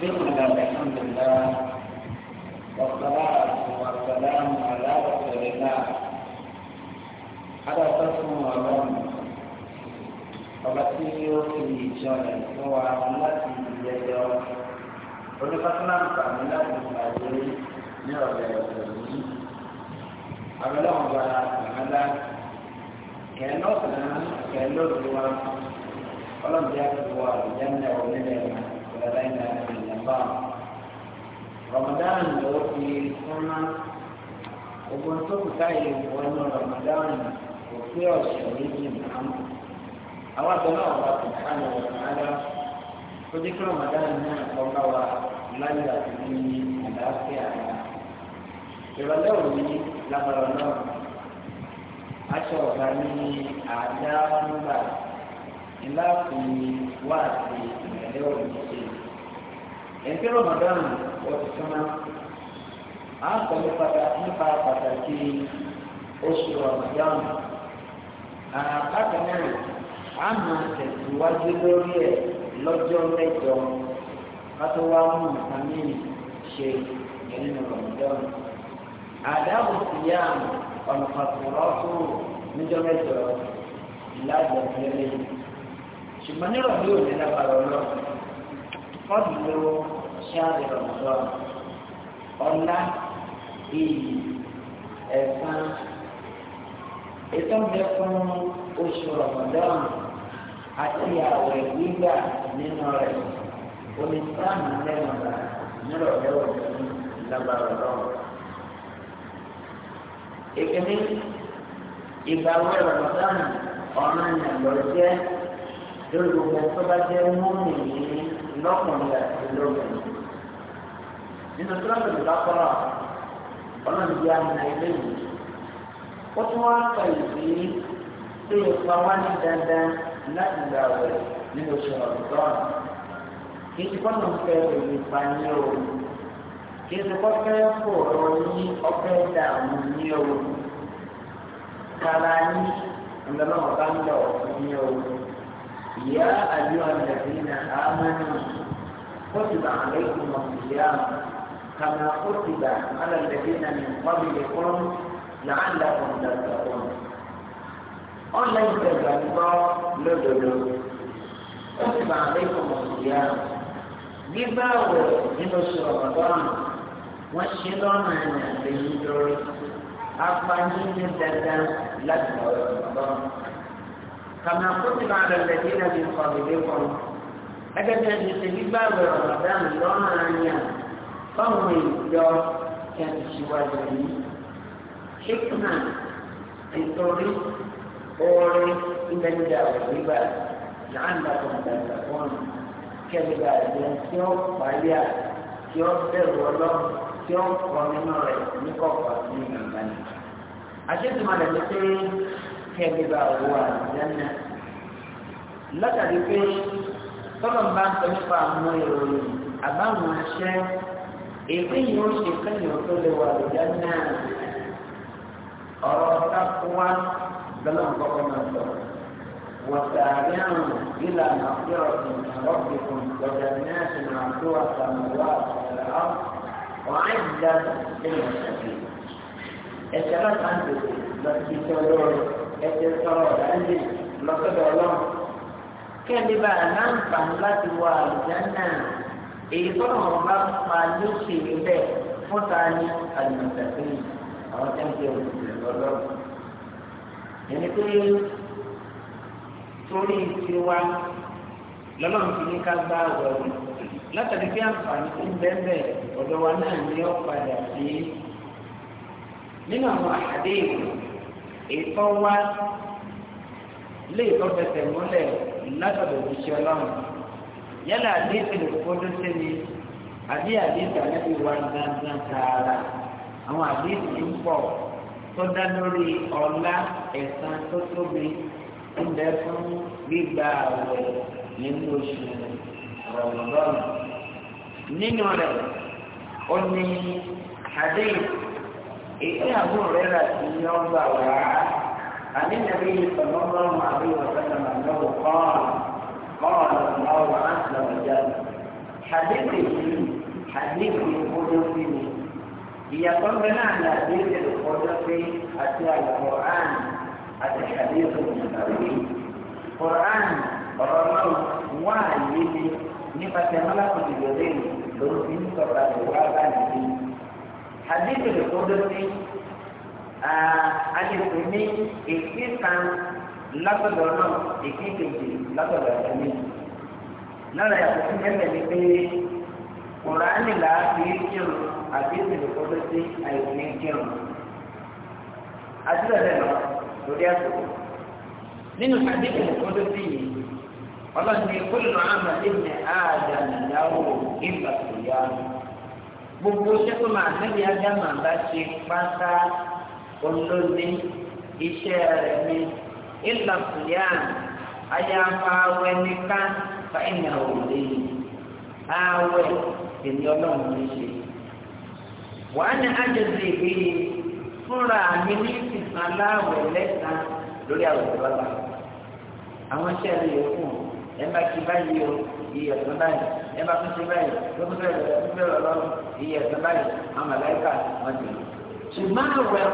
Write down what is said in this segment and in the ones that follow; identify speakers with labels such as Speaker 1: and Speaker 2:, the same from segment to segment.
Speaker 1: بسم الله الحمد لله والصلاة والسلام على رسول الله على تصم ولم وبسيط في جنة هو التي يدعو ونفتنا نفعلنا بالمعجل نرجع يسلمين أولا مبارا سمدا كأنه سنة كأنه سنة ولم يكتبوا الجنة ومن الجنة لا إله إلا الله رمضان لو في السنة وكنت متعلم أن رمضان وفي شهيد محمد أود الله سبحانه وتعالى فذكر رمضان هنا قبل lálẹ́ àti ní àlàáfíà ara. ìrọ̀lẹ́ òní lábàrọ̀ náà aṣọ ọ̀gá ní àádá nígbà ńlá fi wá àti ìrọ̀lẹ́ òní ẹ̀ńtí Ramadan wọ́n ti súnmọ́ à ń kọ́ nípa nípa pàtàkì oṣù Ramadan àbákan náà a máa tẹ̀síwájú lórí ẹ̀ lọ́jọ́ mẹ́jọ kátó wá mú nǹkan mìíràn ṣe nínú Ramadan àdáàbò sí yá ọ̀nà pàtàkì ọ̀tún níjọ́ mẹ́jọ ìlàjọ̀ ìlẹ́lẹ́yìn ṣùgbọ́n nírọ̀lẹ́ òní lábàrọ̀ náà fọ́dùlù ṣáàbì rọ̀mọ̀dọ́n ọ̀la iyì ẹ̀sán ètò ìgbẹ́ fún oṣù rọ̀mọ̀dọ́n àti àwẹ̀ gbígbà nínú rẹ̀ onísàmù lẹ́nàmà nírọ̀lẹ́ òní lágbára lọ́wọ́. ìkíní ìgbà wẹ̀ rọ̀mọ̀dọ́n ọ̀nà ìyàgbọ́ jẹ́ lórí gbogbo tó bá jẹ́ mọ́mì yìí lọ́kùnrin àti lóbìnrin. nínú tíráfì ìdákọ́ra ọlọ́run bí amúnà ilé yìí ó tún wá sọ ìdí tí ìpa wá ní dandan láti gbà wẹ̀ nínú oṣù ọ̀dọ́n kì í ti kọ́ ló ń fẹ́ èrè ìpànìyàn يا أيها الذين آمنوا كتب عليكم الصيام كما كتب على الذين من قبلكم لعلكم تتقون أولئك الذين لدلو كتب عليكم الصيام بما هو من الشرطان والشيطان أن يأتي الدور أفنين الدجال لدلو رمضان kàmá kótópà àbẹ̀lẹ̀ tí náà ti kọ̀ lè kọ̀. ẹgbẹ́ tí a ti ṣe gbígbà wẹ̀ ọ̀dàn lọ́nà àyà fáwọn ìjọ kẹ́ni síwájú yìí. ṣíkùnà nítorí oore ìgbẹ́nidà ògbígbà làǹdà kọ̀ǹdà fọ́ọ̀nù kẹ́nìgbà ìjọ tí ó pààyà tí ó bẹ̀rù ọlọ́run tí ó kọ́ nínú rẹ̀ ní kọ̀ọ̀kan ní ìgbàlejò. àṣètùmọ̀ rẹ̀ kẹ́lẹ́bà wọ àjẹ́nà látàrí pé tọ́lọ̀ bá ń sọ nípa àwọn ìròyìn àbáwọn aṣẹ́ èyí yìí ó ṣe kẹ́yìn tó lè wà àjẹ́nà ọ̀rọ̀ tákùwá lọ́lọ́ kọ́kọ́ máa sọ وسارعوا إلى مغفرة من ربكم وجنات مغفرة سماوات والأرض وعدة للمتقين. الشباب أنتم بس في ẹ̀jẹ̀ sọ̀rọ̀ ọ̀dáńdè lọ́sọ̀dọ̀ ọlọ́run kẹ́ni bá a náà ń fà láti wọ àlùjáná èyí tó lọ́wọ́ bá pa lóṣè bẹ́ẹ̀ fún ta ni àlùmọ̀tàkì àwọn tẹ́ ń jẹ òṣèlú lọ́dọ̀ ẹni pé torí tiwa lọ́lọ́run ti ní ká gbá ọ̀rọ̀ látàrí bí àǹfààní tó ń bẹ́ẹ̀ ọ̀dọ̀ wa náà ni ó padà sí nínú àwọn àdéhùn ètò wa lé ìtọ́fẹsẹ̀ múlẹ̀ látọ̀dọ̀ òṣìṣẹ́ ọlọ́run yálà àdéhùn ìfọdún sí ni àbí àdéhùn àlẹ́bí wa gángan tààrà àwọn àdéhùn ń pọ̀ tó dá lórí ọlá ẹ̀san tó tóbi ń bẹ fún gbígba àwẹ̀ nínú oṣù rọ̀lọ́rùn nínú rẹ̀ ó ní àdéhùn èyí àwọn ọ̀rẹ́ rà sí nọ́mbà wá àní nàbí ìfọ̀nọ́mbà wọn àbí ìwọ̀sánà màdánwò kọ́ọ̀n kọ́ọ̀n lọ́wọ́ àtàwọ̀já hadithi yìí hadithi ọjọ́ sí ni ìyàtọ̀ bẹ́ẹ̀ náà ní hadithi ọjọ́ sí àti alukur'an àti hadithi nàbí kur'an ọ̀rọ̀ náà wọ́n àyè ni nípasẹ̀ mọ́lákùnrin yọ̀dẹ́ lórí sọ̀rọ̀ àti wàhálà hadith al-Qudsi alẹ́kùn ní èké kan látọ̀dọ̀ náà èké kejì látọ̀dọ̀ ẹ̀mí. lára ìyàtọ̀ sí mẹ́fẹ̀ ni pé kùránì làáfi kírun hadith al-Qudsi àìsí kírun. àdúrà rẹ̀ lọ lórí àtọ̀. nínú hadith al-Qudsi yìí ọlọ́ni kúlù àmàlẹ́ ní àdàlù ìgbà tó yá gbogbo iṣẹ́ tó máa nẹ́bí ádámà bá ṣe pátá olóni iṣẹ́ rẹ̀ ni ìlà fìyàn ayáfa awẹ́nìká fáìnà òde ààwẹ̀ èmi ọlọ́run ní ṣe. wàá ní àjọṣe ìwé fúnra mi ní ìsìn aláwẹ̀ lẹ́sàn lórí àwùjọ bàbá àwọn iṣẹ́ rẹ̀ yóò fún un ẹ má ti báyìí o iye ẹ̀sán báyìí ẹ má tún ti báyìí tó tún bẹ̀rẹ̀ tó tún bẹ̀rẹ̀ ọlọ́run iye ẹ̀sán báyìí àwọn màláìkà wọn ti lò. ṣùgbọ́n àwẹ̀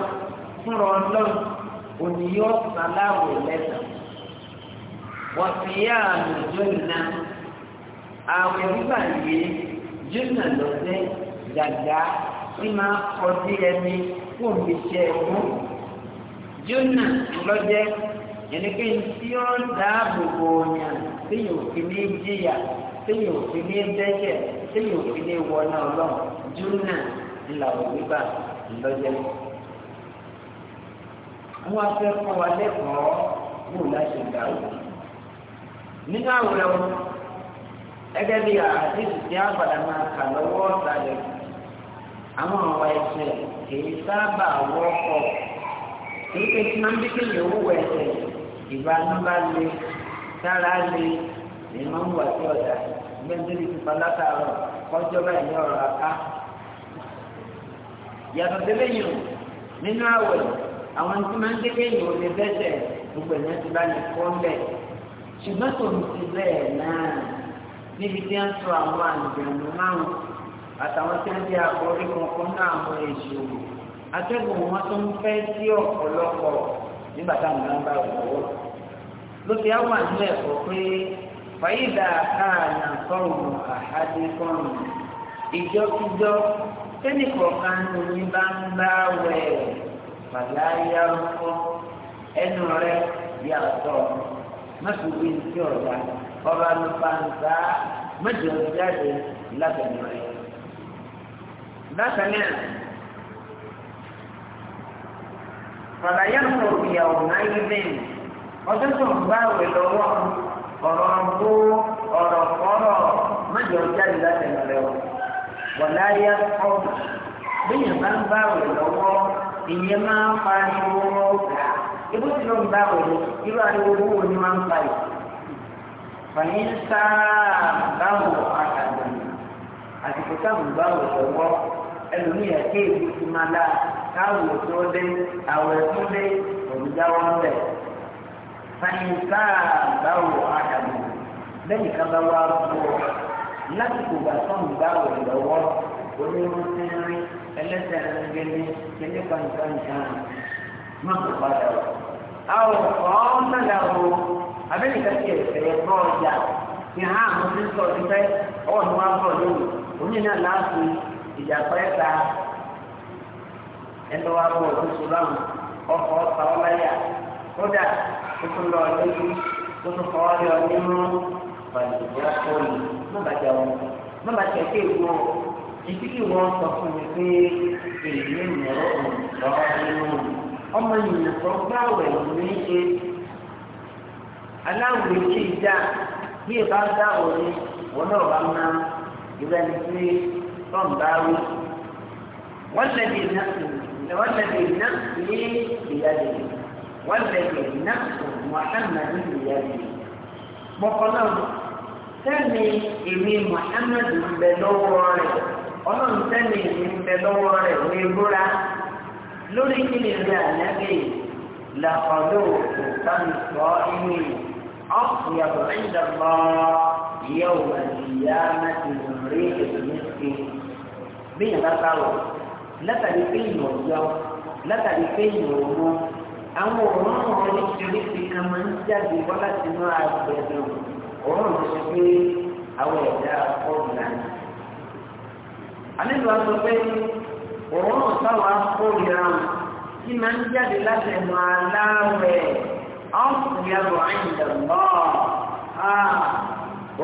Speaker 1: fúnra ọlọ́run òní yóò sàláwẹ̀ lẹ́sàn. wọ́n fi yá àmì jóná àwẹ̀ gbígbà yìí jóná lọ́sẹ̀ gàgà tí máa kọjú ẹni fún mi ṣe ẹ̀kú. jóná lọ́jẹ́ ẹnikẹ́ni tí ó dáàbò bò yàn téèyàn ò fi ní jìyà téèyàn ò fi ní dẹ́ṣẹ̀ téèyàn ò fi ní wọná ọlọ́run júnà ńlá òwúgbà ńlọ́jẹ́. àwọn afẹ́fọ́ wa lẹ́kọ̀ọ́ wò láti gbà wò. nínú àwòrán wọn gẹ́gẹ́ bí àdéhùn tí àgbàdo máa kà lọ́wọ́ ọ̀sàlẹ̀ àwọn ọ̀wà ẹ̀sẹ̀ kìí sábà wọ́pọ̀ kìí pé máa ń bí kéèyàn owó ẹ̀sẹ̀ ìbánú bá lé sára lè lè máa ń wà sí ọ̀dà gbẹ́ndébi ti palata rọ̀ kọjọ́ báyìí ọ̀rọ̀ aká. yàtọ̀ délé yìí nínú àwẹ̀ àwọn tí máa ń dé kéèyàn ò lè bẹ́sẹ̀ gbogbo ẹ̀yàn ti bá lè kọ́ ńbẹ̀ ṣùgbọ́n tòun ti bẹ́ẹ̀ náà níbi tí wọ́n sọ àwọn márùn àtàwọn tí wọ́n àkọ́rí kankan náà wọn tó ń fẹ́ sí ọ̀pọ̀lọpọ̀ nígbà ló fi á wà nílẹ̀ kọ́ pé fàyídà káàna sọ̀rọ̀ àhádé kọ́nù ìjọkíjọ tẹ́nìkọ̀ọ̀kan ní bá ń bá wẹ̀ fàlàyà ọkọ ẹnu rẹ yà sọ mọ́tòkì sí ọ̀dà ọba ló fa ń sá mọ́tò jáde lábẹ́nu rẹ. bákan náà fàlàyà ọkọ ìyàwó náà yí bẹ́ẹ̀ ọdún tó ń bá ìwé lọ́wọ́ ọ̀rọ̀ ọ̀gbó ọ̀rọ̀ kọ́rọ̀ mẹ́jọ jáde láti lọ́lẹ́ o wọ̀láyà kọ́ bíyẹn bá ń bá ìwé lọ́wọ́ ìyẹn máa ń pariwo ọ̀gá ibú tí ló ń bá ìwé irú ariwo owó ni máa ń pa yìí fàyín sáà báwo àtàgbọ̀n àtìkú táwọn báwo lọ́wọ́ ẹlòmíràn kéèké ti máa la káwọ̀ tó dé àwọ̀ tó dé òrùjáwọ́ bẹ̀ fàyínká báwo àdàbò lẹ́yìn kan bá wá bọ̀ láti kò bá sọ̀rọ̀ báwo lọ́wọ́ onírúurú ẹlẹ́sẹ̀ ẹ̀rẹ́gẹ́lẹ́ kẹ́lẹ́ pàǹkàǹkà má kò padà wọ̀. àwọn ọ̀hún náà wọ abẹ́nìkan ti ẹ̀fẹ̀ bọ́ ọjà fi hàn àwọn tí ń sọ ti fẹ́ ọwọ́ ni wọ́n á bọ̀ lóru òní náà láti ìjà pẹ́ẹ́ta ẹni wọ́n á bọ̀ lóṣù láwọn ọkọ̀ ọ̀ta وصلى عليه ونقال منه فليقل ما بدأوا ما بدأوا ìdílé wọn sọ fún mi pé èyí mọ̀rọ̀ ọ̀rọ̀ nínú ọmọ ènìyàn kan gbá ọ̀rẹ́ ní ṣe aláwòrán kì í bí ẹ bá dá ọ̀rẹ́ wọn náà bá máa ìrẹ́ ni pé tọ́m bá rú wọ́n lẹ́bi ìnáṣì wọ́n lẹ́bi ìyá lẹ́bi wọ́n lẹ́bi ìnáṣì. Muhammad nìyàbí mọ́kànlá sẹ́ni èmi Muhammad ń bẹ lọ́wọ́ rẹ̀ ọlọ́run sẹ́ni èmi ń bẹ lọ́wọ́ rẹ̀ ní ìbúra lórí kí ni ìrìn ànágbé làkọ̀dọ̀ òkútàmì sọ inú ọ̀pìyàwó ìdàgbọ́ ìyá òwà ìyá mẹ́tì rí ìmísí bí ìyàbá bá wọ̀ látàrí pé ìmọ̀ ọ̀jọ́ látàrí pé ìmọ̀ ọ̀gbọ́n àwọn òórùn oríṣiríṣi kan máa ń jáde wá láti inú àgbẹ̀dọ̀ òórùn tó ṣe pé àwọn ẹ̀dá ọ̀gbìn àná. àlejò aṣọ pé òórùn táwọn akórira tí máa ń jáde láti ẹnu aláwẹ̀ ọ̀sùn yàgò àìyànbọ̀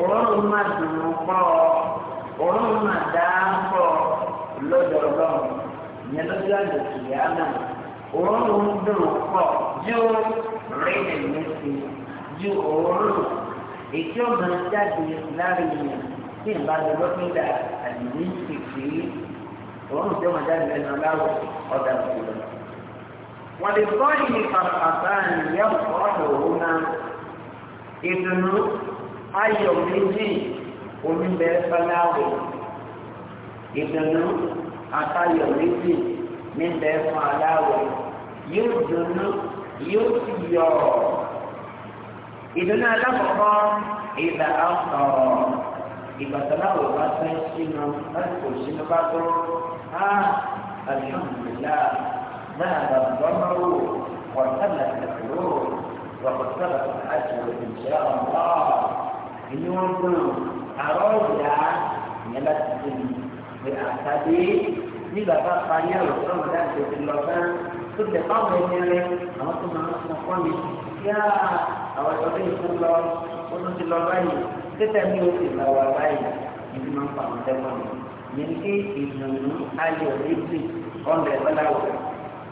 Speaker 1: òórùn máa dùn pọ̀ òórùn máa dá pọ̀ lọ́dọọdọ́ ìyẹn lọ́jọ́ àjòkì yàrá náà òórùn dùn pọ̀ yóò rìn létí ju òórùn èyí ó máa jáde lára èèyàn tí n bá lọ lọ́pìnlá àdìrí ìpè òórùn tí ó máa jáde lẹ́nu aláwọ̀ ọ̀dà òkúta. wọ́n lè kọ́ ìní pàpàpà ìyá ọ̀dọ̀ òun náà ìdùnnú ayọ̀ méjì omi bẹ́ẹ̀ ìdùnnú àtayọ̀ méjì níbẹ̀ fún aláwẹ̀ yóò dùnnú yóò sì yọ̀ ìdùnnú alákọ̀ọ́kọ́ ìdá ọ̀sọ̀ ìgbàsọ̀láwò bá fẹ́ sínú láti kò sínú bá tó á alhamdulillah náà bàbáwò ọ̀sẹ̀lẹ̀ tẹ̀ló wàkọ̀sẹ̀lẹ̀ àti òṣìṣẹ́ ọ̀pọ̀ ìní wọn gbọ́n àrọ̀ ìyá ìyẹn láti dé ní àtàdé nígbà bá parí ọ̀rọ̀ sọ́mọ dáàbò ti lọ tán tó lè fáwọn ẹni rẹ àwọn tó máa ń sọ fún mi yá àwọn ìtọ́jú ìfún lọ ó tún ti lọ báyìí tẹ́tẹ́ mi ò sì lọ wà báyìí ìdí máa ń fa àwọn tẹ́wọ̀n mi yẹn ké ìdùnnú ayọ̀ lẹ́sì ọ̀nà ìfọláwọ̀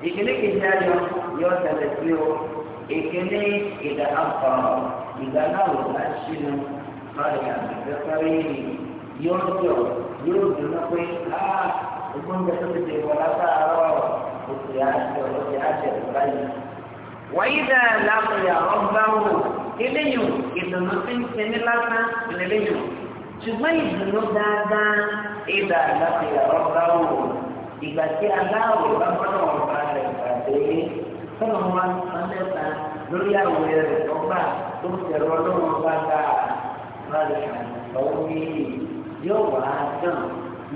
Speaker 1: ìkíní kejì ayọ̀ yóò tẹ̀lé sí o ìkíní ìdá àpọ̀ ìgbà náà wò láṣí nu lọ́ọ̀yà ìfẹ́fẹ́ yóò jọ yóò dùn náà pé gbogbo tó ti di ìwọ látàárọ̀ òkè àṣẹ òkè àṣẹ báyìí. wàyídà lámúyà ọgbà wò eléyìí ìdùnnú tí ń ṣe ní lásán lélẹ́yìn ṣùgbọ́n ìdùnnú dáadáa ìdà lámúyà ọgbà wò ìgbà tí aláwọ̀ bá gbọ́dọ̀ ọ̀gá rẹ̀ pàdé tọ́nà wa mẹ́ta lórí àwọ̀ rẹ̀ ọgbà tó tẹ̀rọ ọlọ́run bá gbà rálẹ̀ àná lọ́wọ́ yóò wá dán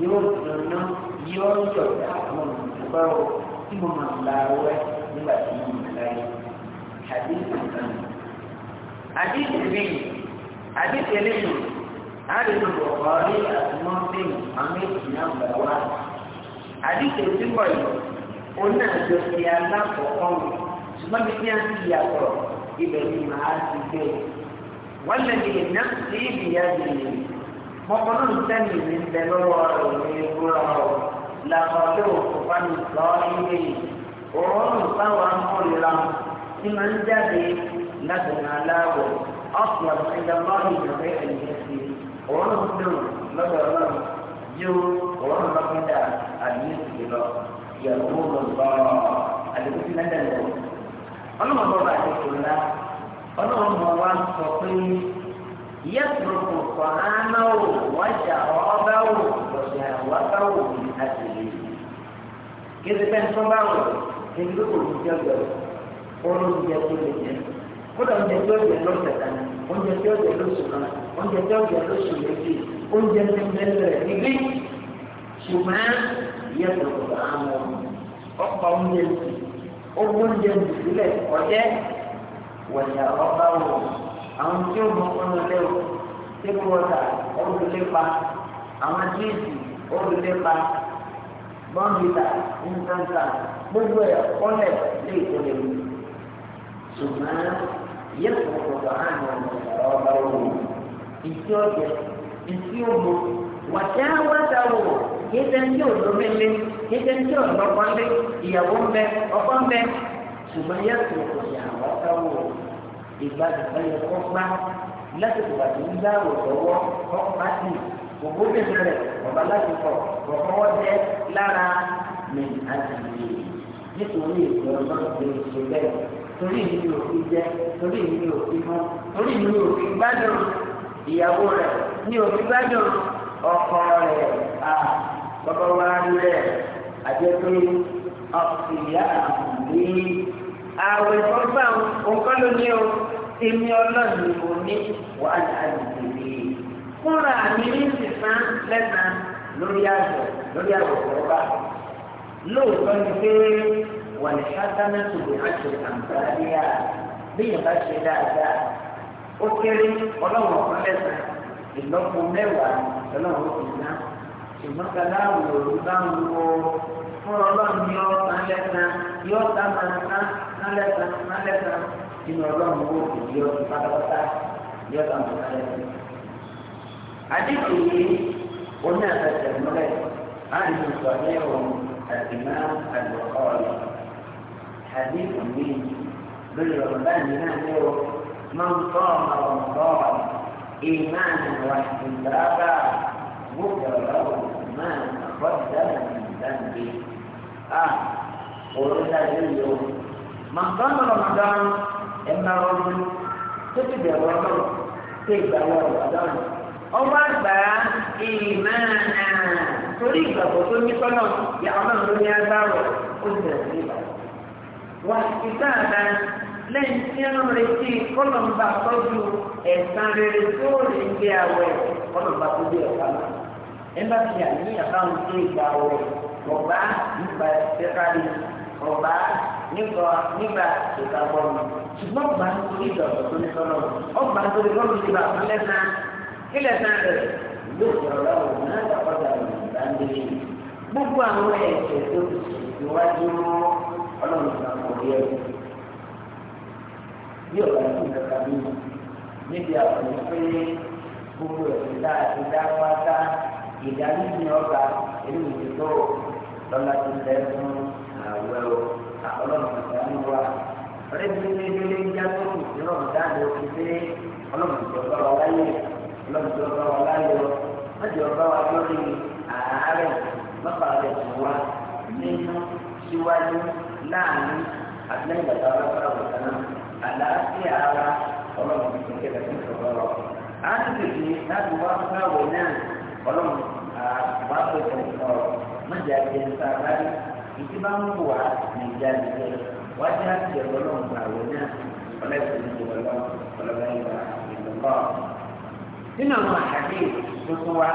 Speaker 1: yóò dùn náà yóò yọ̀dá àwọn olùdókòwò tí mo máa la ọwẹ́ nígbà tí mo mọ̀ láyé àdéhùn kan. àdéhùn mi àdéhùn eléyìí àdéhùn ọ̀pọ̀ orí àtúmọ̀tẹ́yìn àwọn èjì náà gbà wá. àdéhùn tí wọ̀ yìí òun náà jọ sí alákọ̀ọ́kọ́ mi ṣùgbọ́n mi ní àti ìyàtọ̀ ibẹ̀ ni màá ti gbé. wọ́n lè lè ná sí ìbíyá mi. mọ̀kànlá ń tẹ́lẹ̀ mi ń lọ́wọ́ rẹ̀ ní ìgbóra ọ̀rọ̀ làkọ̀tò òfòfánù lọ́ọ́ ilé yìí òórùn táwọn akọ́lera tí máa ń jáde lágbègbè aláwọ̀ ọ̀pọ̀ ìdánwò ìjọba ẹ̀yẹ sí òórùn dùn lọ́dọ̀ ọlọ́run ju òórùn lọ́kọ̀dà àdìyẹ́sì lọ ìyàwó lọ́gbọ́ àdìgbò tí náà lọ. ọlọ́run bọ́ àdìgbò ńlá ọlọ́run mọ̀ wá sọ pé yẹ́sùn kò kọ̀ ánáwó wọ́n ṣà ọ́ ọ̀dà wákàwò ní àtìlẹ́ kéde pẹ́ tó bá wọ̀ ẹni tó kò ní jẹ́gbẹ̀ oúnjẹ tó lè jẹ kódà oúnjẹ tó jẹ lọ́sẹ̀ kan oúnjẹ tó jẹ lóṣù kan oúnjẹ tó jẹ lóṣù méjì oúnjẹ tó jẹ lẹ̀ níbí ṣùgbọ́n ìyẹn tó kò bá wọn ọ̀pọ̀ oúnjẹ tì owó oúnjẹ tì sílẹ̀ ọ̀jẹ́ wọ̀nyà ọba wò àwọn tí ó mọ ọ̀nà lẹ́wọ̀ tí kò wọ́ta ọ̀gbìn lépa àwọn jíìsì olùdípa bọ́ǹbìlà nǹkanǹkà gbogbo ẹ̀ kọ́lẹ̀ lè tó lè mú ṣùgbọ́n yẹ́n kò kọ̀ọ̀kan àná ọ̀rọ̀ ọba wò ìtí ọ̀jẹ̀ ìtí ògbó wàtí àwọ̀tà wò yíṣẹ́ ń tí òdo mẹ́lẹ́ yíṣẹ́ ń tí ọ̀dọ́ pọ́nlé ìyàwó ń bẹ ọkọ ń ṣùgbọ́n yẹ́n kọ̀ọ̀kan àwọ̀tà wò ìgbàdùn ẹ̀yẹ kọ́ gbá lásìkò àti ń wò lọ́wọ́ kọ́ pàtì òkú bèbè rẹ̀ bàbá láti kọ̀ bọ̀kọ́wọ́ jẹ́ lára mi àti ìlú nítorí ìlú ọlọ́run tó ń ṣe bẹ́ẹ̀ torí ìlú òfin jẹ́ torí ìlú òfin mọ́ torí ìlú òfin gbádùn ìyàwó rẹ̀ ní òfin gbádùn ọkọ rẹ̀ à bàbá wa rẹ̀ àjẹpé ọ̀sìyá àbúlé àwẹ̀ fọ́nfà òǹkọ́ o èmi ọlọ́run ò ní wàhálà àdìgbò fúnra mi ní sísan lẹ́sàn lórí àgbọ̀ lórí àgbọ̀ ọ̀gá lóòótọ́ ni pé wà ní sátánà tó lè má ṣe àǹfààníyà bí yẹn bá ṣe dáadáa ó kéré ọlọ́run ọ̀kan lẹ́sàn ìlọ́po mẹ́wàá ọlọ́run ó ti ná ṣùgbọ́n kálá òòrùn bá ń wo fún ọlọ́run ní ọ̀kan lẹ́sàn yóò dá máa ná ná lẹ́sàn ná lẹ́sàn nínú ọlọ́run ó kò yọ pátápátá yóò dá máa ná lẹ́sàn. حديثه قلنا تجملت عنه صحيح الإمام البخاري حديث من بالرغبان نهيه من صام رمضان إيمانا واحتسابا غفر له ما تقدم من ذنبه آه قلت له من صام رمضان إما رجل تجد الرجل تجد رمضان ọwọ́ àgbà ìmọ̀ àà torí ìgbàgbọ́ tó ní sọ́nà yà ọlọ́run ló ní agbára ó sì rẹ̀ sí ìbàdàn. wà ìta àdá lẹ́yìn tí ó ń retí kọ́lọ̀mbà tọ́jú ẹ̀sán rere tó lè gbé àwẹ̀ kọ́lọ̀mbà tó dé ọ̀gá náà. ẹ̀ńbà ti àní àbáwọn tó ìgbà àwẹ̀ ọ̀gá nípa ẹ̀sẹ̀kárì ọ̀gá nípa nígbà ìgbàgbọ́ mi. ṣùgbọ́n ọ̀gbà nítorí ìgbàgbọ́ tó ní sọ́nà kílẹ̀ sáà rẹ̀ ló sọ̀rọ̀ ọ̀hún náà lọ́kọ̀dà ìgbà ń délé. gbogbo àwọn ẹ̀ṣẹ̀ tó ìwájú mọ́ ọlọ́run kan kò rí ẹ̀rù. bí ọ̀gá tó ń kàkà mí níbi àwọn pé gbogbo ẹ̀sìn tá a ti dá pátá ìdarí ní ọgbà èyí ò ti tó lọ́la ti tẹ̀ fún àwẹ̀ o ọlọ́run kan ní wa. ọ̀rẹ́ mi ní ilé ìjà tó ń ìrọ̀rùn dáadé ó fi dé ọlọ́run kan lọ́wọ́ láyé lọ́dún tó bá wà láyọ̀ lọ́dún tó bá wà lórí àárẹ̀ mọ́fà rẹ̀ tó wá nínú síwájú láàrin àtìlẹ́yìn bàbá wa fara wọ̀ sáná àlàáfíà ara ọlọ́run ti tẹ̀lé rẹ̀ ní ìṣòro lọ. a ń tètè láti wá fún àwọ̀ náà ọlọ́run àbá tó nínú àwọn àṣàkí tuntun wa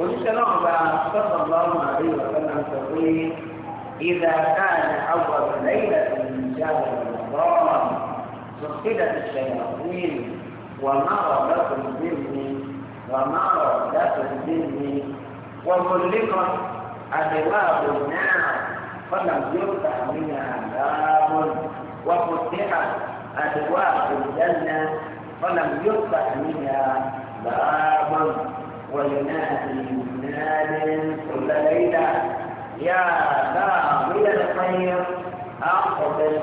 Speaker 1: oníṣẹ́ náà gba sọ́kọ̀ lọ́rùn àbí ìwọ̀sán náà sọ pé ìdá káàdì àwọn ọ̀gbìn ìjáwé lọ́rùn sọ̀kídà ti ṣẹlẹ̀ fún wà wà máa máa ìdí ìdí وما ربكم مني وما ربكم مني وغلقت أبواب النار فلم يفتح منها باب وفتحت أبواب náà فلم يفتح منها باب وينادي مناد كل ليلة يا باب الخير أقبل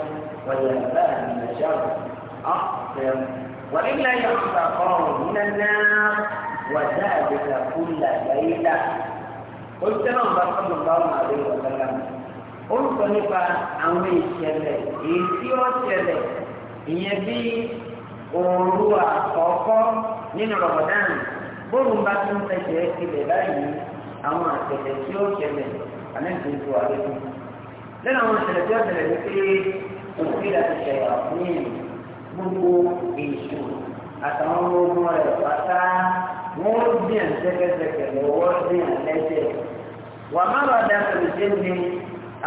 Speaker 1: ويا باب الشر اقبل وإلا يخفى قوم من النار وذلك كل ليلة قلت لهم صلى الله عليه وسلم قلت نفع عن الشلة إيه في الشلة إيه òru àkọ́kọ́ nínú Ramadan bóòlù bá tún fẹsẹ̀ ilẹ̀ báyìí àwọn àtẹ̀lẹ̀ tí ó ṣẹlẹ̀ àmẹ́tìrìkù àlẹ́kùn lẹ́nu àwọn ìṣẹ̀lẹ̀ tí ó ṣẹlẹ̀ ní pé òfin láti ṣẹ̀yà fún gbogbo èṣù àtàwọn ọmọ ogun rẹ̀ pátá wọ́n dín àtẹ́kẹ́sẹ̀kẹ̀ lọ́wọ́ dín àlẹ́sẹ̀ wà má lọ da pèsè ní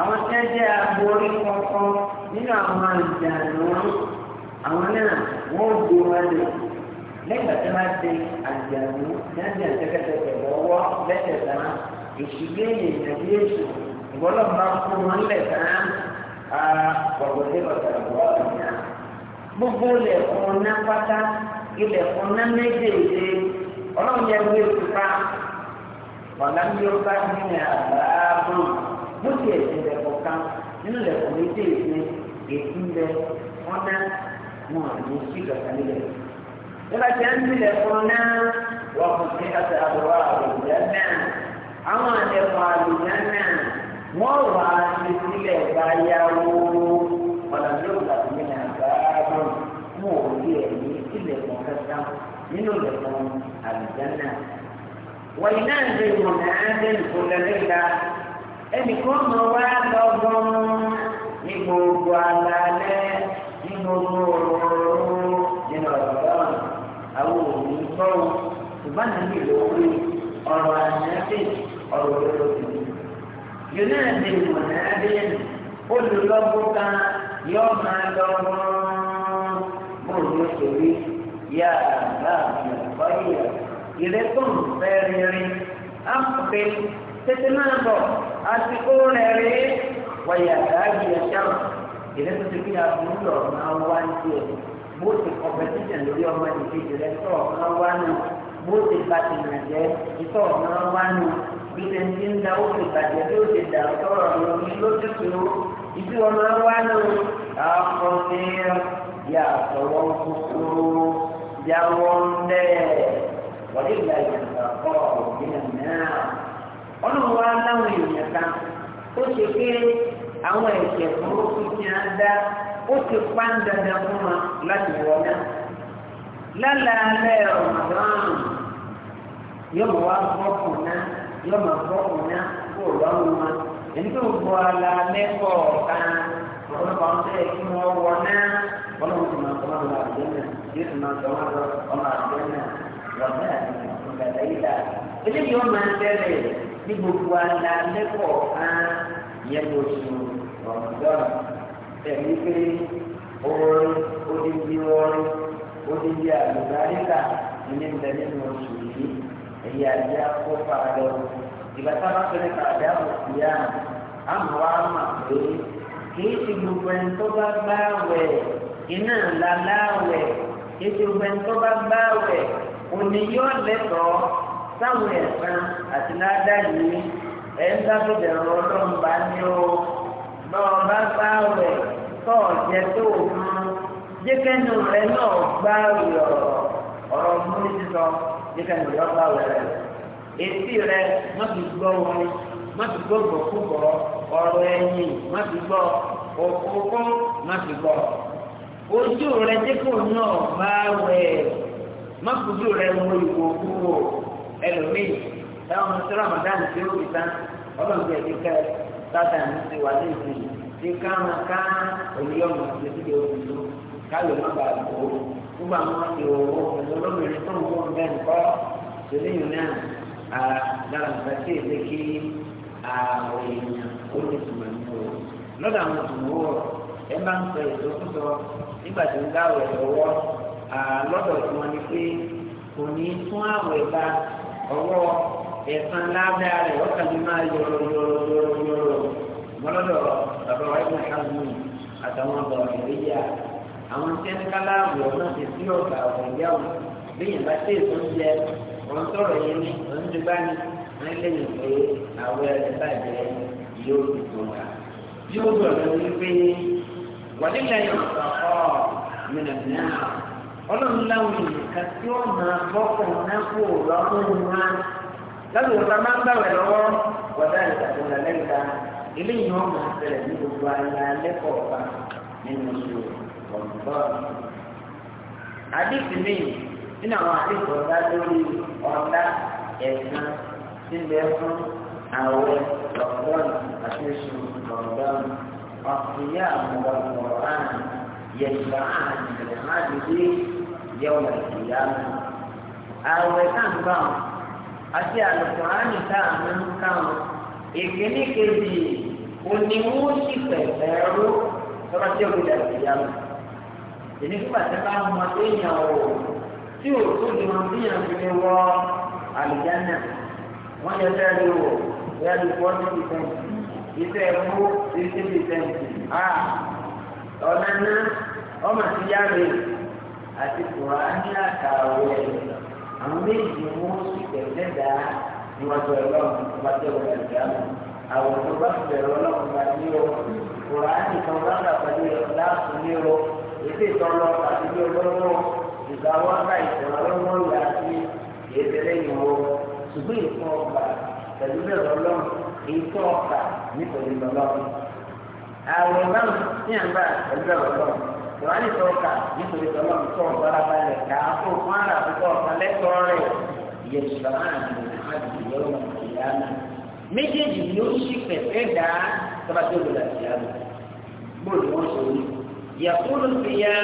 Speaker 1: àwọn tẹ́jẹ́ àgbórí kọ̀ọ̀kan nínú àwọn ìjà àwọn náà wọ́n gbó wọn lò lẹ́gbà tí wọ́n ti àjàmú nàìjíríà tẹ́kẹ́tẹ́kẹ́ lọ́wọ́ lẹ́sẹ̀ tán ìṣubú èyí nàbí èṣù ìbọ́lọ̀ máa fún wọn lẹ̀ tán á gbọ̀gbọ̀dé ọ̀tàrà bọ̀ ọ̀nà. gbogbo ilẹ̀kùn náà pátá ilẹ̀kùn náà méjèèjì ọlọ́run yẹ wí òkúta ọ̀nà bí ó bá ní àbáàbò bó ti ẹ̀sìn lẹ̀kọ̀ọ̀kan nínú méjèèjì èkúndẹ ọ̀nà wọn àmì sí kàkà nílẹ̀. nígbà tí a ń tilẹ̀ fún náà wọ́n kò sí àti àbúrò àbùdá náà àwọn àtẹ̀kọ̀ àbùdá náà wọ́n wà á ti sílẹ̀ báyàwó ọ̀nà tí ó gbà mí náà báyàwó mú òbí ẹ̀ ní sílẹ̀ fún kẹta nínú ìlẹ̀kùn àbùdá náà. wọ́n iná ń gbé ìmọ̀nà á ń gbé ìfọ̀lẹ́lẹ́ta ẹnì kan mọ̀ wá lọ́gbọ́n ní gbogbo ara lọ́wọ́ nínú ọ̀gbọ́n àwọn òbí ń bọ̀ ṣùgbọ́n níbi ìlówó ọ̀rọ̀ àyànfẹ́ ọ̀rọ̀ òdodo ti di. yonadi mọ̀nàdé olùlọ́gbọ́ta yọ máa lọ́wọ́ bóòlù sórí yá àgbà àgbàyè ìrẹ́pọ̀n fẹ́ẹ́rẹ́rẹ́ àpè tètè rẹ̀ rẹ̀ wáyà káàkiri ìrẹsì kí àbúrò máa wá ní tiẹ̀ bó ti competition lórí ọmọ ìkejì rẹ tó máa wá nù bó ti bàtìmọ̀ jẹ́ ìtọ́ máa wá nù bí ẹni ń da ó ti bàjẹ́ bí ó ti dà ọ̀tọ̀rọ̀ lórí lójútùú ìdí wọn máa wá nù àkọsílẹ̀ yà sọ̀rọ̀ kúkúrú yà wọ́n bẹ́ẹ̀ wọ́n lè gba ìyàtọ̀ kọ́ ọ̀gbìn náà ọlọ́run àwọn ẹ̀ṣẹ̀ burúkú tí a ń dá ó ti pa ń dandan fún wọn láti wọ̀ náà. lálàálẹ̀ ọ̀mọ̀dán yọ̀mọ̀ wá bọ́kùn náà yọ̀mọ̀ bọ́kùn náà kó lọ́rùn wọn. èyí tó gbọ́ alálẹ́ kọ̀ọ̀kan ọ̀rọ̀ kan tẹ́ kí wọ́n wọ náà wọ́n lọ́wọ́ tó máa sọ́mọ́ lọ àjẹ́ náà yóò tó máa sọ́mọ́ lọ ọmọ àjẹ́ náà wọ́n náà ní ìgbàlẹ́ ìlà. eléyìí ó máa ń ramadan ẹ̀mí pé orin odidi orin odidi àlùbáríkà ilé ń bẹ nínú oṣù yìí èyí àjẹ́ kó fara lọ. ìgbà táwọn akẹ́lẹ́ kan àjẹ́ àwòsí yá àmọ́ wa mà pé kìí ṣe gbogbo ẹni tó bá bá wẹ̀ iná ńlá láwẹ̀ kìí ṣe gbogbo ẹni tó bá bá wẹ̀ òní yóò lẹ́tọ̀ọ́ sáwọn ẹ̀sán àti ládàá yìí ẹ̀ ń dábìdẹ̀ ọ̀rọ̀ ọlọ́run bá ní o bọ́ọ̀ bá bá rẹ̀ tọ́ ọ̀jẹ́ tó o mú jẹ́kẹ́nu rẹ̀ náà gbá rẹ̀ ọ̀rọ̀ ọ̀rọ̀ múlí sísọ jẹ́kẹ́nu rẹ̀ ọ̀gbá rẹ̀ etí rẹ̀ wọ́n ti gbọ́ orin wọ́n ti gbọ́ gbọ̀kúgbọ̀ ọ̀rọ̀ ẹ̀yìn wọ́n ti gbọ́ òkúkú wọ́n ti gbọ́ ojú rẹ̀ jẹ́kẹ́nu náà gbá rẹ̀ mọ́kùdù rẹ̀ mú ìwò kúrò ẹlòmíì táwọn sọ́rọ̀ àmàdánù tí ó tata ní ti wà ní ìsìn tí káwọn ká òye ọmọ àti ìdílé òkùnkùn káyọ̀ má bàa bò ó nígbà wọn ti owó pẹ̀lú olómìnirin tó ń bọ̀ ń bẹ́ẹ̀ kọ́ ìṣẹ̀lẹ̀yìn náà dára nǹkan tí èdè kí àwọn èèyàn ó tùmọ̀ nínú o lọ́dọ̀ àwọn tùmọ̀ wọ̀ ẹ máa ń sọ èso kúsọ nígbà tí ń dáwọ̀ lọ́wọ́ lọ́dọ̀ tí wọ́n ní pé kò ní tún àwẹ̀ bá ọwọ́ ẹ̀sán lábẹ́ rẹ̀ ó kàn ní máa yọ̀rọ̀ yọ̀rọ̀ yọ̀rọ̀ yọ̀rọ̀ mọ́lọ́dọ̀ bàbá wa ìgbà hàmù àtàwọn ọ̀bọ̀ ìrẹ́yà àwọn tẹ́ńkálá àbùrọ̀ náà ti sí ọ̀gá ọ̀gá ìyáwó lẹ́yìn bá tẹ̀ tó ń jẹ wọn sọ̀rọ̀ yẹn ní onídìgbà ni wọ́n lẹ́yìn pé àwẹ̀ rẹ̀ bàjẹ́ yóò ti tó wa. yóò dọ̀ lọ wípé wàlílẹ̀ yóò sọ̀kọ́ mìíràn náà ọlọ́run láwọn lọ́dún wọn bá máa ń gbàwẹ̀ lọ́wọ́ wọ́dà ìtàkùnlá lẹ́yìnká ilé ìyàn ọmọ ìṣẹ̀lẹ̀ ní gbogbo ayé alẹ́kọ̀ọ́ ọ̀pá nínú oṣù ọ̀gbọ́n. àdéhùn mi nínú àwọn àdéhùn ọ̀dá lórí ọ̀dá ẹ̀sán tí ń bẹ fún àwẹ̀ ọ̀gbọ́n àti oṣù ọ̀gbọ́n ọ̀sìyá ọ̀gbọ̀n yẹ̀gbọ́n àti ìrẹ̀máàdìdì yẹ̀wọ̀ ìyá àti àlùkùránì tá a mú káwọn ìkíní kejì òní wọn sì pẹ̀lẹ́ rú lọ́wọ́ tí òkúta ìyá lọ. èmi fún bàtẹ́ bá mọ èèyàn o tí ò tó di wọn bí yàn fi lè wọ àlùjáná wọn yẹ fẹ́ lè wọ ìyá lè fọ́ ní ìfẹ́ǹtì ìfẹ́ ẹ̀kú ìfẹ́ ìfẹ́ǹtì a ọ̀nà náà ọmọ ti yára àti kùránì àkàwé ẹ̀yìn àwọn méjì wọn sì tẹ̀lé dá níwájú ọlọ́run tó bá tẹ̀wọ̀ ẹ̀dá àwọn tó bá bẹ̀rẹ̀ ọlọ́run bá ní o kùránì kan bá rà pẹ̀lú láàpù ní o ètò ìtọ́lọ́ àti ní olówó ìgbà wọn bá ìtọ́lọ́ lọ́wọ́ yà sí ètò lẹ́yìn o ṣùgbọ́n ìfọ̀ ọ̀gbà pẹ̀lú bẹ̀rẹ̀ ọlọ́run ìfọ̀ ọ̀gbà nítorí ọlọ́run àwọn náà ní àgbà pẹ̀lú bẹ̀rẹ̀ ọlọ́run kùránì tó kà nítorí pẹ̀lú ọ̀hún tó ọ̀gbára balẹ̀ ká tó fún ara àbúkọ ọ̀kan lẹ́tọ̀ọ́ rẹ̀ ìyẹn ìṣòro àrùn àti ìyọ́rọ̀ ìyáàmù méjèèjì ni ó sì pẹ̀fẹ́ dá tọ́ba tó lọ láti ìyáàmù bóòlù sọ yìí yàtúrò fi ya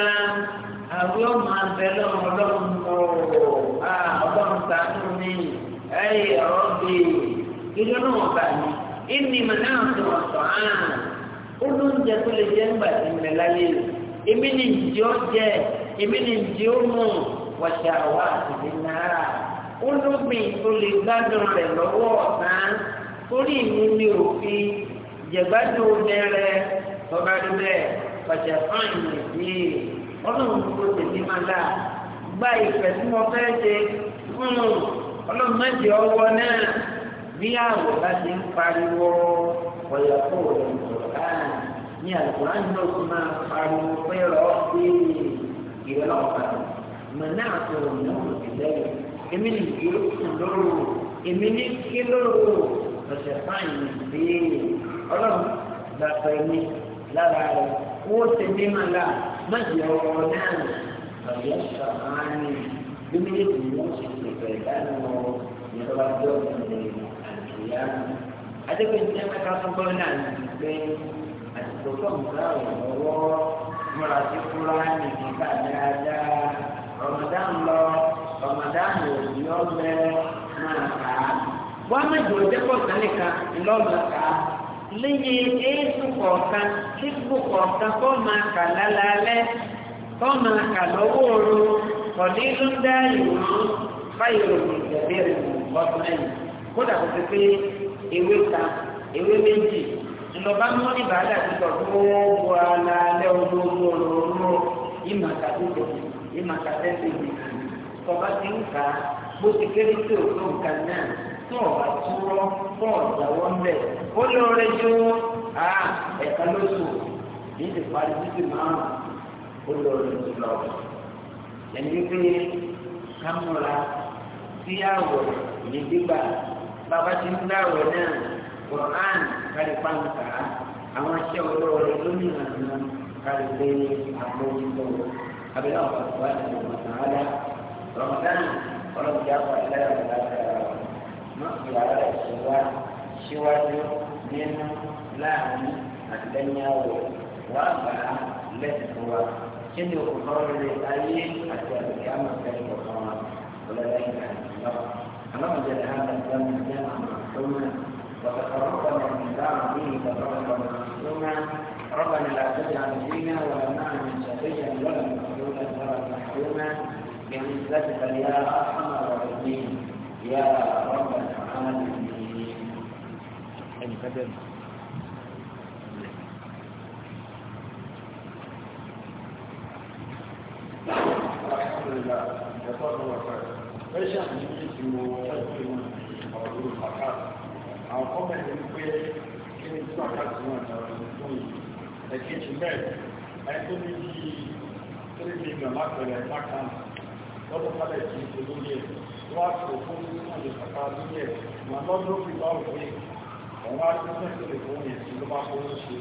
Speaker 1: àwọn ọmọ abẹ lọ́wọ́ ọlọ́run ọ̀ ọlọ́run sàánú mi ẹ̀yẹ ọ̀bẹ ìlú náà bá mi ìmì mọ̀ náà tó ọ̀sán ó lóúnjẹ tó lè jẹ́ ńgbà tí ń bẹ èmi ni ìdí ó jẹ èmi ni ìdí ó mú wọ̀ṣẹ̀ àwa àtìlẹ́ náírà ó lóbìn tó lè gbádùn rẹ̀ lọ́wọ́ ọ̀sán torí ìlú ni òfin jẹ̀gbádùn lẹ́rẹ̀ tọ́ba rẹ̀ wọ̀ṣẹ̀ fún ìrìnàjò ọlọ́run tó tèmi máa dà gba ìfẹ́ tí mo fẹ́ ṣe fún ọlọ́run méje ọwọ́ náà bí àwọ̀ bá ti ń pariwo ọ̀yà kó o ní àlùkòrán ní oṣù máa pariwo fẹ́rọ̀ pé ìwé náà pàtó mọ̀ náà tó o ní oṣù tẹ̀lé èmi ní kí ó sùn lóru èmi ní kí lóru ọ̀sẹ̀ fáìní sí ọlọ́run gbàgbọ́ ẹni lára rẹ̀ wọ́n ti ní màlá má jẹ́ ọ̀rọ̀ náà ọ̀yọ́ sàmánì bí méjèèjì ni wọ́n ti pèsè ìdáná ìjọba jọ́ọ̀dún ní àjùyá. adékòjì ẹ̀ka tó ń bọ́ náà ní ìgbẹ́ àtìkókò nǹkan ọ̀wọ́ múra sí fúlàní nípa dáadáa Ramadan lọ Ramadan ò ní ọgbẹ́ máa kà á. wọ́n á mẹ́jọ ìjẹ́pọ̀ sánìkan lọ́ọ̀mù kà á lẹ́yìn éésù kọ̀ọ̀kan kíkú kọ̀ọ̀kan kọ́ máa kà lálálẹ́ kọ́ máa kà lọ́wọ́ ooru kọ̀dé ló ń dá ìwòrán báyìí òògùn ìgbẹ̀bẹ̀rẹ̀ ọ̀tún ẹ̀yìn kódà kò sí pé ewé ta ewé méjì ìjọba mú ìbàdàn ti sọ fún gbogbo alalẹ́ olóògbé olóró ìmọ̀ àtàkùnkọ̀ ìmọ̀ àtàkùnkọ̀ tọba ti ń kà á bó ti kéré tí ò tó nǹkan náà tó ọ̀bà túrọ́ tó ọ̀dàwọ́ ń bẹ̀ ó lóore ju ẹ̀ka lóṣù yìí ti parí títí márùn-ún ó lóore jù lọ. ẹni wípé ká múra ní gbígbà bàbá ti ń dáwọ̀ náà. Quran kárí pàǹkà àwọn aṣẹ́ olóore lómìnira náà kárí pé àbójútó abẹ́lẹ́ ọ̀pọ̀ ìwà ìlú mọ̀tàlá Ramadan ọlọ́dún yà pa ìlẹ́yà ìlàkà mọ́tò ara rẹ̀ ṣèwá síwájú nínú láàrin àtìlẹ́yìn àwọ̀ wà bá lẹ́sìn wa kí ni òkùnkàn rẹ̀ ayé àti àgbẹ̀kẹ́ àmọ̀tẹ́lẹ̀ kọ̀ọ̀kan wa ọlọ́dún yà pa ìlẹ́yà àlọ́ وتقربنا من بعضه تقربا معصوما ربنا لا تجعل فينا ولا معنا شقيا ولا مخلوقا ولا محروما بعزتك يا ارحم الراحمين يا رب العالمين. القدر الحمد لله جزاكم الله خير. ايش يعني يجب ان نقدم موضوع الزكاه àwọn kọ́mẹ̀ ní pé kí ni tí àkáàtì náà jàrà ní fún yìí ẹ̀kejì mẹ́rin ẹni ní bí tírí mílíọ̀n lápẹ̀rẹ̀ lákàn lọ́dọ̀ pálẹ̀ kì í ṣe tó wá sọ fún ìsàlẹ̀ kàkà lórí ẹ̀ mà lọ́dún fi bá òwe òun wá sí lè fún yẹn sí ló bá fowó ṣe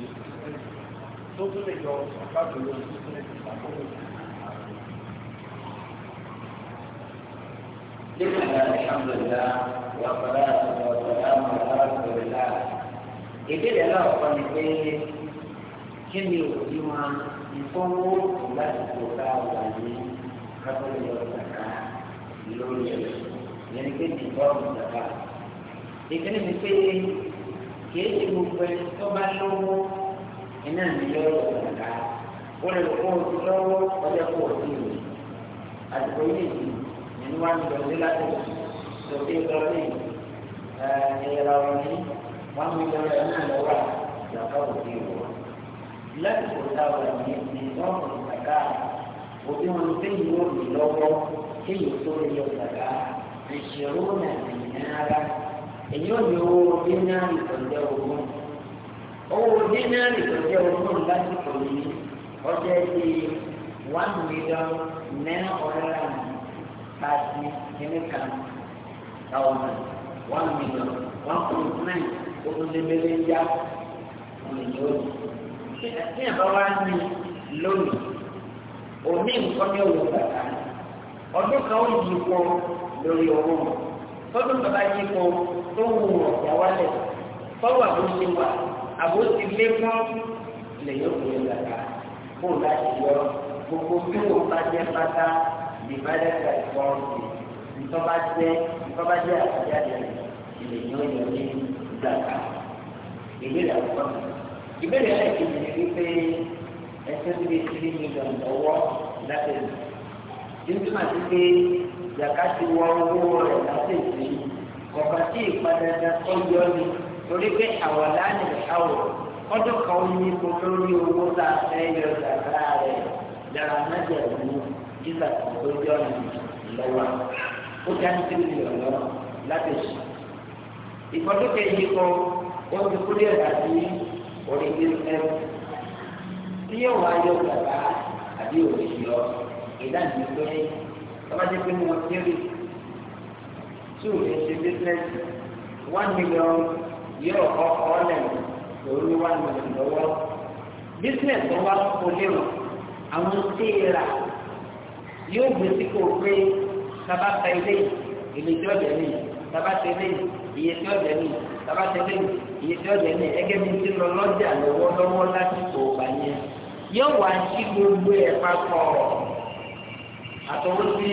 Speaker 1: tó tún lè yọ àkáàtì lórí sísẹ́ ìsàkóso الحمد لله ìbéèrè náà kọ́ ni pé kí ni òbí máa ìfowó lásìkò tá a wà ní kábọ̀lì ọ̀sàkà lórí ẹ̀ yẹn pé ìbọn ọ̀sàkà. ìbéèrè ni pé kìí ṣe gbogbo ẹni tó bá lówó iná ní lọ́wọ́ ọ̀sàkà ó lè kó oṣù lọ́wọ́ ọjọ́ kó oṣù rẹ̀ àtìkò yìí nínú wa ń lọ sí lásìkò tó fi lọ sí ìlú ẹ̀yẹ̀ra wọn ní wọn mú náà lọ́wọ́ ìjọba òde wọ̀. láti kò dá ọ̀rọ̀ mi ní lọ́ọ̀rọ̀ òbí wọn tó yìí wọ́n mi lọ́wọ́ kí yìí tó lè yọ ìgbàgá ìṣòro náà nìyẹn ara èyí ò ní owó dínárì tọ́jú ogún owó dínárì tọ́jú ogún lásìkò yìí ọjọ́ ti one million nine hundred and thirty kìnnìkan thousand one million one point nine owó lé mẹ́lẹ́ yá mílíọ̀nù. ṣé ẹ̀bá wa ní lónìí òní nǹkan ní òwò bàtà ọdún kan ó yí pọ lórí owó wọn tọdún bàbá yí pọ tó wù ọ̀gá wálẹ̀ tọ́wọ́ àbóṣe wà àbóṣe lé fún lẹ́yìn òkúlé bàtà fún láti yọ gbogbo bí wọn bá jẹ pátá ìbálẹ̀ ẹ̀kọ́ ọ̀gbìn ìtọ́ba jẹ́ ìtọ́ba jẹ́ àtẹ̀jáde ilẹ̀ yóò yọ ní ìgbàgbà ìbéèrè àkọ́kọ́ ìbéèrè ẹlẹ́kejì ni wípé ẹsẹ̀ tó lè tiri mílíọ̀nù lọ́wọ́ látẹ̀lẹ̀ títí máa ti pé zaka ti wọ owó rẹ̀ látẹ̀lẹ̀ kọ̀ọ̀kan tí ìpadàdà tó yọ ni torí pé àwọn láàyè àwọn ọdún kan ó ní kó lórí owó tá a fẹ́ yọ zaka rẹ̀ dára mẹ́jẹ̀ ìlú jíjà tó yọ ni lọ́wọ́ ó ti á ní tẹ́lẹ̀ ìrànlọ́wọ́ láti ṣe. ìfọdúkẹ́ yìí kọ ó ti kú dé ẹ̀dá sí orí ẹ̀rọ tí yóò wá yọ bàbá àbí òní yọ ìdáhùn pé bàbá jẹ́ pé mo ti rí two ẹ̀ ṣe bísíǹsì one million yóò kọ́ ọ́ lẹ́nu lórí one million lọ́wọ́ bísíǹsì tó wá kó lérò àwọn tí ì rà yóò gbèsè kó pé sábà ta ilé ilé tí ó jẹ ní sábà ta ilé iye tí ó jẹ ní sábà ta ilé iye tí ó jẹ ní ẹgẹ́ mi ti lọ lọ́jà lọ́wọ́lọ́wọ́ lásìkò ọ̀gbà yẹn yóò wá sí gbogbo ẹ̀ papọ̀ àtọwọ́ sí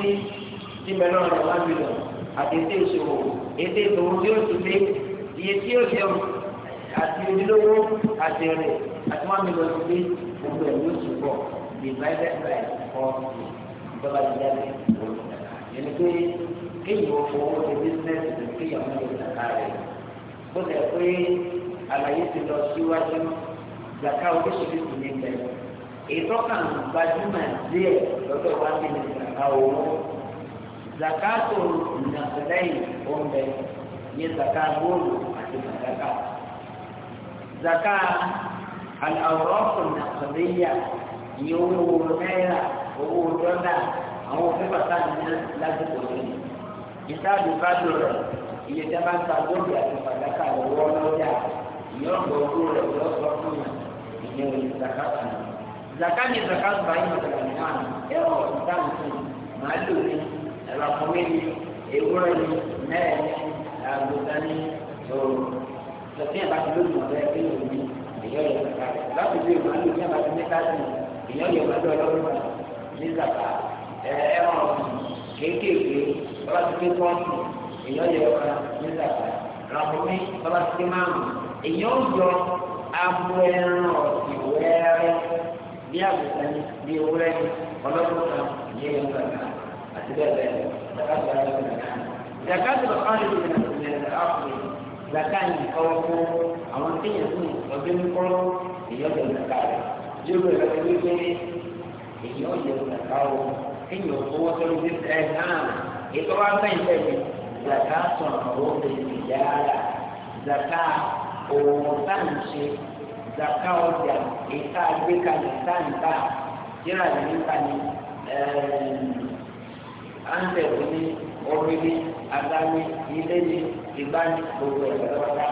Speaker 1: níbẹ̀ náà ní one million àti ètè ìṣòwò ètè ìṣòwò tí ó ti lé iye tí ó jẹun àti ojúlówó àti rẹ̀ àti one million ti lé gbogbo ẹ̀ yóò ṣùgbọ́n divided by four ìjọba ìjáde olùdarí yẹni pé kéèyàn fowó ṣe bísíǹnẹ́sì tó kéèyàn mú ìlú zaka rẹ̀ bó ṣe pé àlàyé ti lọ síwájú zaka oríṣiríṣi ní ilẹ̀ ètò kan gbajúmọ̀ díẹ̀ lọ́dọ̀ wá sí ní zaka owó zaka tó nàfẹ̀lẹ́yìn oúnjẹ ní zaka góòlù àti zaka zaka alawurọ́pù nàfẹ̀lẹ́yà ní owó náírà owó dọ́là àwọn òfin bàtà nínú lásìkò yìí ìtàdù bá lò rẹ iye tí a bá ń ta gómìnà àti fàdákà lọ́wọ́ lọ́jà ìyọ̀ǹgbọ̀ owó rẹ̀ yóò sọ fún yàn ìyẹn òye zakata nù. zakani zakatu bá yín ọ̀dọ̀ àná ẹ̀rọ ìtàdù fún màálù ni ẹ̀rọ àkọ́wé ni ewúrẹ́ ni náà ni àgùntàn ni ọ̀rọ̀ tọ́sí ẹ̀ bá ti lóyún ọ̀rẹ́ ẹ̀ èyàn yẹ kàkà rẹ láti fi ìwà lóyún ẹ̀ bá ti ní káàdì èyàn yẹ wà lọ́wọ́ lọ́wọ́ ẹ̀rọ kéékèèké bọ́lá ti gbé pọ́ǹpù èèyàn yọ ọ̀kan ní sàkà ràbùmí bọ́lá ti gbé márùn èèyàn yọ abo ẹran ọ̀sìn wẹ́ẹ́rẹ́ bí àgùntàn ni bí ewúrẹ́ ni ọlọ́dún kan ìyẹn yọ sàkà àti bẹ́ẹ̀ bẹ́ẹ̀ zakatu ara ló nàá zakatu ọ̀kan ló nàá ìrìnàjò àkùnrin zakatu ìkọ́wọ́ fún àwọn téèyàn fún ọdún kọ́ èèyàn yọ sàkà rẹ̀ yóò bẹ̀rẹ̀ wípé èèyàn yọ sàkà o kéèyàn owó tó lójú ẹ̀ náà ètò wa bẹ́ẹ̀ di zaka sọ̀rọ̀ owó bẹ̀rẹ̀ yára zaka òun sáǹṣe zaka ọjà ìta àgbékalẹ̀ sáǹtà yíra ìlú kani àǹtẹ̀ òní omi ní agbami ilé ní ìgbani gbogbo ẹ̀rọ ọ̀la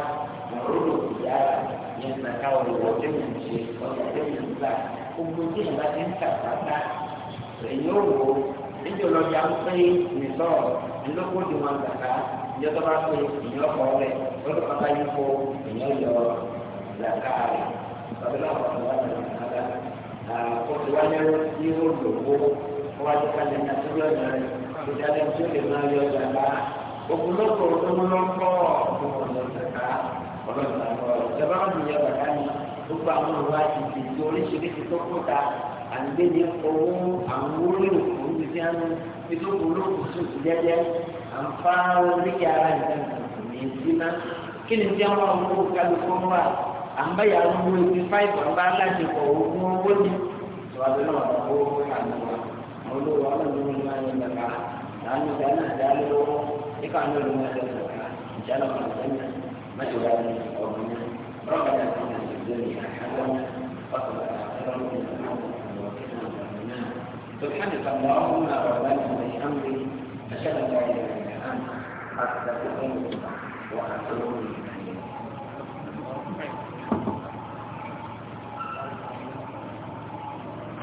Speaker 1: mọ̀rúdù yára yẹn zaka ọ̀rọ̀ ọ̀dẹ́mù ṣe ọ̀dẹ́mù gbà gbogbo tí ìgbà ti ń tàpátá èyí ò wò níjẹ́ ọlọ́jà ń pín nìtọ́ ìlókò ju wọn gbàgbá ìjọ tó bá pín ìyẹn ọkọ̀ rẹ̀ lọ́dún pátá yìí kó ìyẹn yọ gbàgbá rẹ̀ tọ́jú náà wọ́n wá ní ọ̀gá kó ti wá lẹ́rú ní òòlù kó wá ti kalẹ̀ ní àtúndì ọ̀nà rẹ̀ kó ti alẹ́ tí lè máa yọ gbàgbá òkúlókò ọdúnmọ́lọ́kọ́ ọ̀dọ́ ìgbàgbọ́ ìjọba àgbẹ̀dẹ owó àwọn olóòrò fún títí àná títí olóòrò sùn ti jẹ́jẹ́ àǹfààní oríkì ara ní í kí ni tí àwọn ọmọ owó kálukú ń wà àǹbáyà ń mú ibi fáìfù àbá aláṣepọ̀ ogun owó ni ìwádìí náà wà lọ́wọ́ owó kálukú wa àwọn olóòrò wọn ló ń lọ ní ìgbàgbà láàánú ìdáná ìdáná lọ́wọ́ nípa àwọn olóòrò wọn lọ́wọ́ ìjànà wọn lọ́wọ́ mẹ́tòlá ní ọ̀gbìn náà rọ́bà náà ti ń sèǹdé ní àkàtà wọn wọ́n sọ̀rọ̀ àkàtà wọn ní ìgbàgbà سبحانك اللهم ربنا وبحمدك أشهد أن لا إله إلا أنت أستغفرك وأتوب إليك